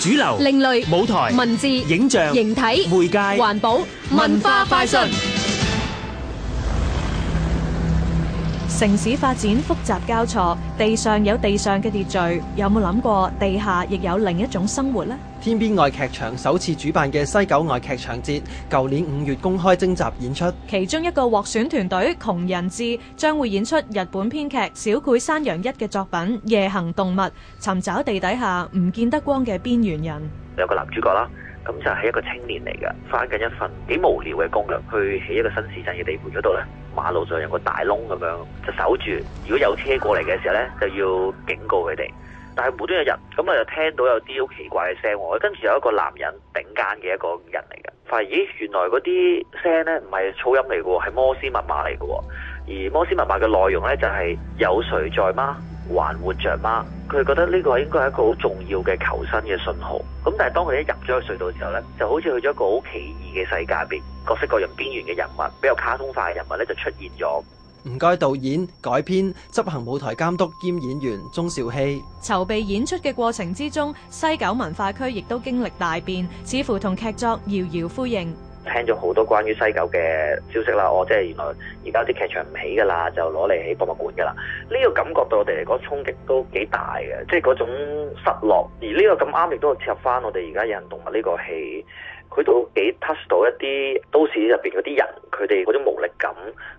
主流、另類、舞台、文字、影像、形體、媒介、環保、文化快訊。城市發展複雜交錯，地上有地上嘅秩序，有冇諗過地下亦有另一種生活呢？天邊外劇場首次主辦嘅西九外劇場節，舊年五月公開徵集演出。其中一個獲選團隊窮人志，將會演出日本編劇小檜山洋一嘅作品，夜行動物，尋找地底下，唔見得光嘅邊緣人。有個男主角啦，咁就係一個青年嚟嘅，翻緊一份，幾無聊嘅工作，去起一個新市鎮嘅地盤嗰度啦。馬路上有個大窿咁樣，就守住。如果有車過嚟嘅時候呢，就要警告佢哋。但係無端有日，咁啊就聽到有啲好奇怪嘅聲，跟住有一個男人頂間嘅一個人嚟嘅，發現咦原來嗰啲聲呢唔係噪音嚟嘅喎，係摩斯密碼嚟嘅喎。而摩斯密碼嘅內容呢，就係有誰在嗎？還活着嗎？佢覺得呢個應該係一個好重要嘅求生嘅信號。咁但係當佢一入咗個隧道之後呢就好似去咗一個好奇異嘅世界入邊，各式各樣邊緣嘅人物，比較卡通化嘅人物咧就出現咗。唔該，導演、改編、執行舞台監督兼演員鐘兆熙。籌備演出嘅過程之中，西九文化區亦都經歷大變，似乎同劇作遙遙呼應。聽咗好多關於西九嘅消息啦，我即係原來而家啲劇場唔起㗎啦，就攞嚟起博物館㗎啦。呢個感覺對我哋嚟講衝擊都幾大嘅，即係嗰種失落。而呢個咁啱亦都係切入翻我哋而家《有人動物》呢個戲。佢都幾 touch 到一啲都市入邊嗰啲人，佢哋嗰種無力感、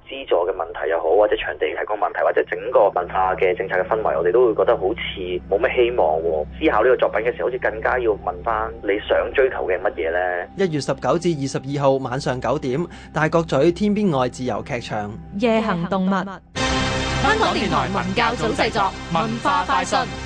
資助嘅問題又好，或者場地提供問題，或者整個文化嘅政策嘅氛圍，我哋都會覺得好似冇咩希望。思考呢個作品嘅時候，好似更加要問翻你想追求嘅乜嘢呢？一月十九至二十二號晚上九點，大角咀天邊外自由劇場《夜行動物》。香港電台文教組製作文化快訊。